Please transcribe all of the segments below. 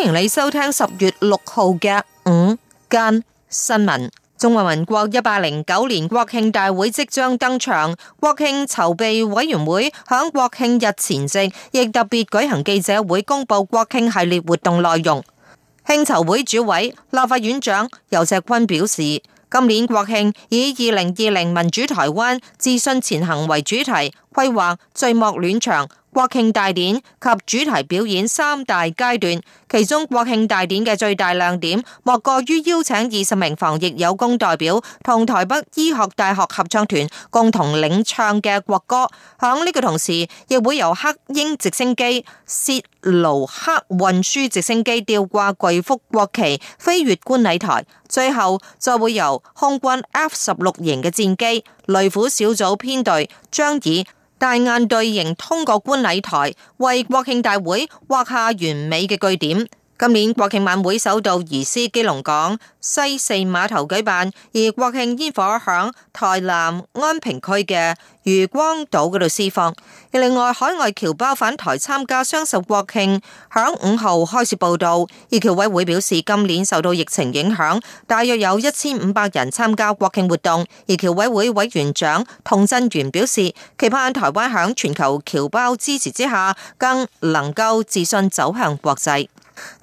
歡迎你收聽十月六號嘅午間新聞。中華民國一百零九年國慶大會即將登場，國慶籌備委員會響國慶日前夕亦特別舉行記者會，公布國慶系列活動內容。慶籌會主委、立法院長游錫堃表示，今年國慶以二零二零民主台灣自信前行為主題。規劃序幕、暖場、國慶大典及主題表演三大階段，其中國慶大典嘅最大亮點莫過於邀請二十名防疫有功代表同台北醫學大學合唱團共同領唱嘅國歌。響呢個同時，亦會由黑鷹直升機、切盧克運輸直升機吊掛巨幅國旗飛越觀禮台，最後再會由空軍 F 十六型嘅戰機雷虎小組編隊將以。大雁隊形通過觀禮台，為國慶大會畫下完美嘅句點。今年國慶晚會首度移師基隆港西四碼頭舉辦，而國慶煙火響台南安平區嘅漁光島嗰度施放。而另外海外僑胞返台參加雙十國慶，響五號開始報到。而僑委會表示，今年受到疫情影響，大約有一千五百人參加國慶活動。而僑委會委員長童振源表示，期盼台灣響全球僑胞支持之下，更能夠自信走向國際。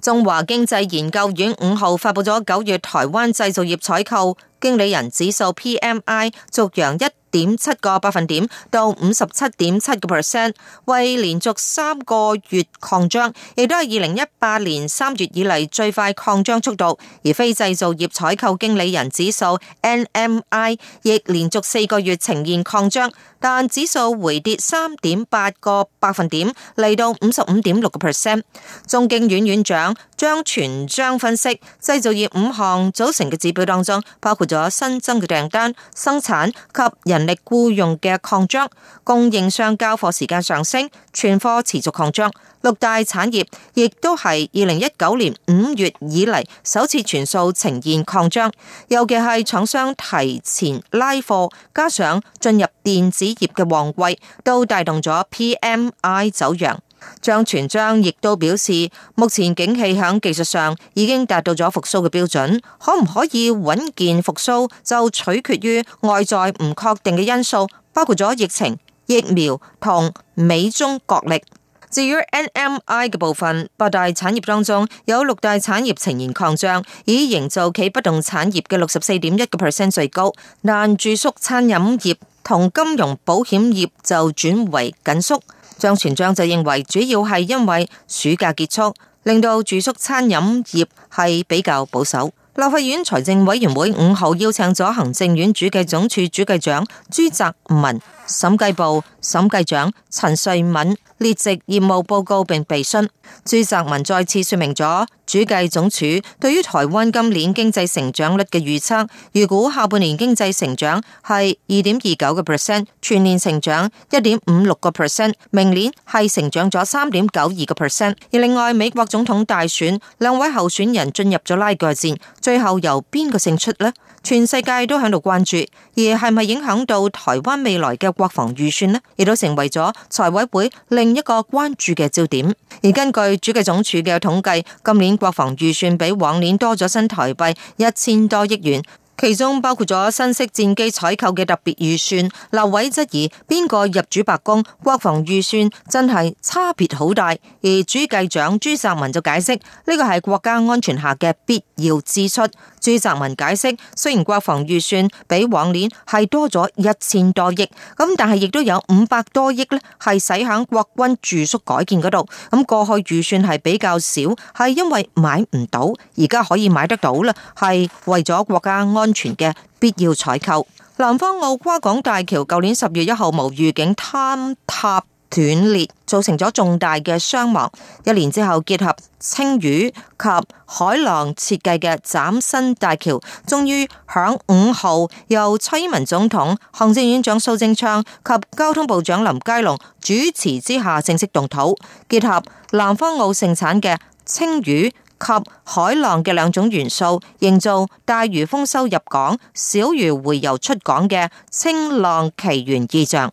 中華經濟研究院五號發佈咗九月台灣製造業採購經理人指數 PMI，續揚一點七個百分點到五十七點七個 percent，為連續三個月擴張，亦都係二零一八年三月以嚟最快擴張速度。而非製造業採購經理人指數 NMI 亦連續四個月呈現擴張，但指數回跌三點八個百分點，嚟到五十五點六個 percent，中經院院長。將全章分析，製造業五項組成嘅指標當中，包括咗新增嘅訂單、生產及人力僱傭嘅擴張、供應商交貨時間上升、存貨持續擴張。六大產業亦都係二零一九年五月以嚟，首次全數呈現擴張，尤其係廠商提前拉貨，加上進入電子業嘅旺季，都帶動咗 PMI 走揚。張傳章亦都表示，目前景氣響技術上已經達到咗復甦嘅標準，可唔可以穩健復甦就取決於外在唔確定嘅因素，包括咗疫情、疫苗同美中角力。至於 NMI 嘅部分，八大產業當中有六大產業呈現擴張，以營造企不動產業嘅六十四點一個 percent 最高，但住宿餐飲業同金融保險業就轉為緊縮。張全章就認為，主要係因為暑假結束，令到住宿餐飲業係比較保守。立法院財政委員會五號邀請咗行政院主計總處主計長朱澤文、審計部審計長陳瑞敏。列席業務報告並備詢，朱澤文再次說明咗主計總署對於台灣今年經濟成長率嘅預測。預估下半年經濟成長係二點二九個 percent，全年成長一點五六個 percent，明年係成長咗三點九二個 percent。而另外，美國總統大選兩位候選人進入咗拉鋸戰，最後由邊個勝出呢？全世界都喺度關注，而係咪影響到台灣未來嘅國防預算呢？亦都成為咗財委會另一個關注嘅焦點。而根據主計總署嘅統計，今年國防預算比往年多咗新台幣一千多億元，其中包括咗新式戰機採購嘅特別預算。劉偉質疑：邊個入主白宮，國防預算真係差別好大？而主計長朱秀文就解釋：呢個係國家安全下嘅必要支出。朱澤文解釋，雖然國防預算比往年係多咗一千多億，咁但係亦都有五百多億咧，係使喺國軍住宿改建嗰度。咁過去預算係比較少，係因為買唔到，而家可以買得到啦，係為咗國家安全嘅必要採購。南方澳跨港大橋舊年十月一號無預警坍塌。斷裂造成咗重大嘅傷亡。一年之後，結合青魚及海浪設計嘅嶄新大橋，終於響五號由蔡英文總統、行政院長蘇貞昌及交通部長林佳龍主持之下正式動土。結合南方澳盛產嘅青魚及海浪嘅兩種元素，營造大魚豐收入港、小魚回游出港嘅青浪奇緣意象。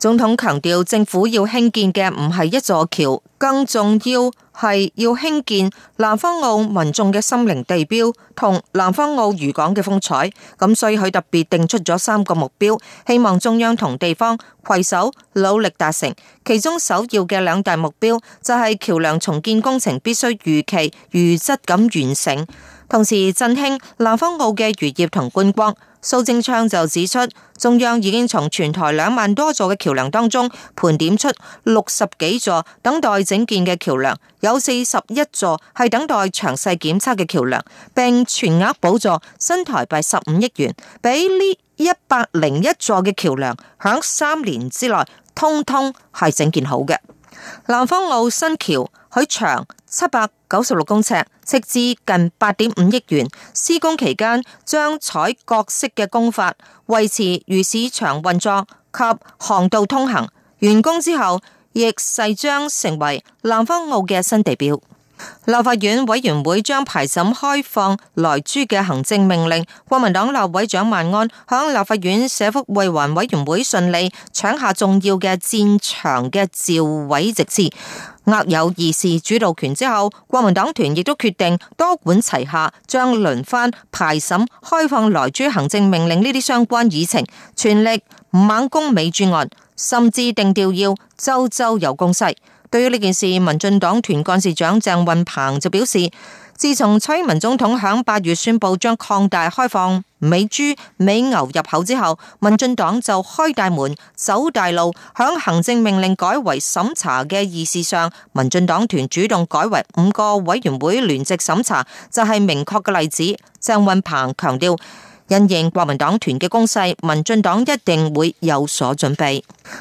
總統強調，政府要興建嘅唔係一座橋，更重要係要興建南方澳民眾嘅心靈地標同南方澳漁港嘅風采。咁所以佢特別定出咗三個目標，希望中央同地方攜手努力達成。其中首要嘅兩大目標就係橋樑重建工程必須如期、如質咁完成，同時振興南方澳嘅漁業同觀光。蘇貞昌就指出，中央已經從全台兩萬多座嘅橋樑當中盤點出六十幾座等待整建嘅橋樑，有四十一座係等待詳細檢測嘅橋樑，並全額補助新台幣十五億元，俾呢一百零一座嘅橋樑響三年之內通通係整建好嘅。南方澳新橋。佢長七百九十六公尺，斥資近八點五億元。施工期間將採各式嘅工法，維持魚市場運作及航道通行。完工之後，亦勢將成為南方澳嘅新地標。立法院委員會將排審開放萊豬嘅行政命令，國民黨立委蔣萬安響立法院社福衛環委員會順利搶下重要嘅戰場嘅召委席次，握有議事主導權之後，國民黨團亦都決定多管齊下，將輪番排審開放萊豬行政命令呢啲相關議程，全力猛攻美豬案，甚至定調要周周有攻勢。對於呢件事，民進黨團幹事長鄭運鵬就表示，自從蔡英文總統響八月宣布將擴大開放美豬、美牛入口之後，民進黨就開大門、走大路，響行政命令改為審查嘅議事上，民進黨團主動改為五個委員會聯席審查，就係、是、明確嘅例子。鄭運鵬強調。因應國民黨團嘅攻勢，民進黨一定會有所準備。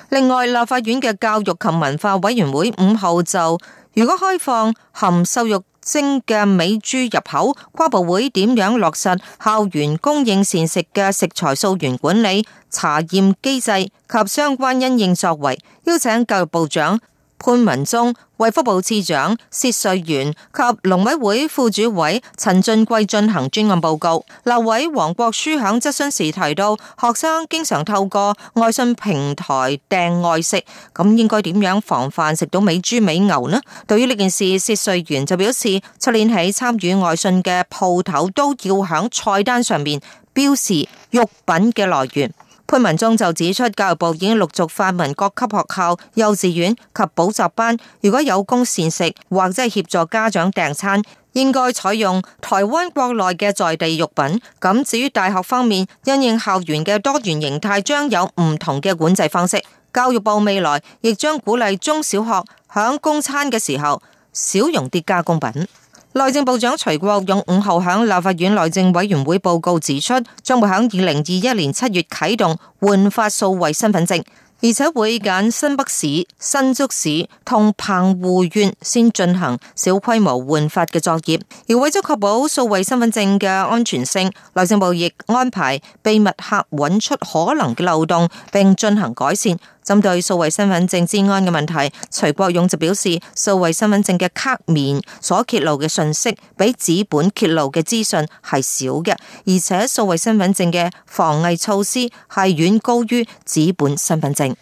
另外，立法院嘅教育及文化委員會五號就如果開放含瘦肉精嘅美豬入口，跨部會點樣落實校園供應膳食嘅食材溯源管理、查驗機制及相關因應作為，邀請教育部長。潘文忠、衛福部次長薛瑞元及農委會副主委陳俊貴進行專案報告。立委黃國書響質詢時提到，學生經常透過外送平台訂外食，咁應該點樣防範食到美豬美牛呢？對於呢件事，薛瑞元就表示，出年起參與外送嘅鋪頭都要響菜單上面標示肉品嘅來源。潘文忠就指出，教育部已經陸續發文各級學校、幼稚園及補習班，如果有供膳食或者係協助家長訂餐，應該採用台灣國內嘅在地肉品。咁至於大學方面，因應校園嘅多元形態，將有唔同嘅管制方式。教育部未來亦將鼓勵中小學響供餐嘅時候少用啲加工品。內政部長徐國勇五號向立法院內政委員會報告指出，將會喺二零二一年七月啟動換發數位身份證，而且會揀新北市、新竹市同澎湖縣先進行小規模換發嘅作業，而為咗確保數位身份證嘅安全性，內政部亦安排秘密客揾出可能嘅漏洞，並進行改善。針對數位身份證治安嘅問題，徐國勇就表示，數位身份證嘅卡面所揭露嘅信息比紙本揭露嘅資訊係少嘅，而且數位身份證嘅防偽措施係遠高於紙本身份證。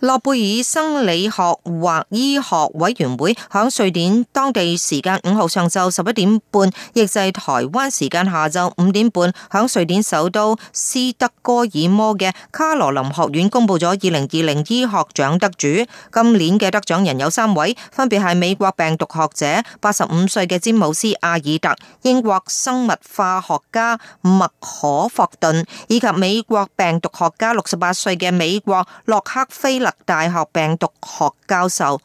諾貝爾生理學或醫學委員會喺瑞典當地時間五號上晝十一點半，亦就係台灣時間下晝五點半，喺瑞典首都斯德哥爾摩嘅卡羅林學院公布咗二零二零醫學獎得主。今年嘅得獎人有三位，分別係美國病毒學者八十五歲嘅詹姆斯阿爾特、英國生物化學家麥可霍頓，以及美國病毒學家六十八歲嘅美國洛克菲。希臘大學病毒學教授。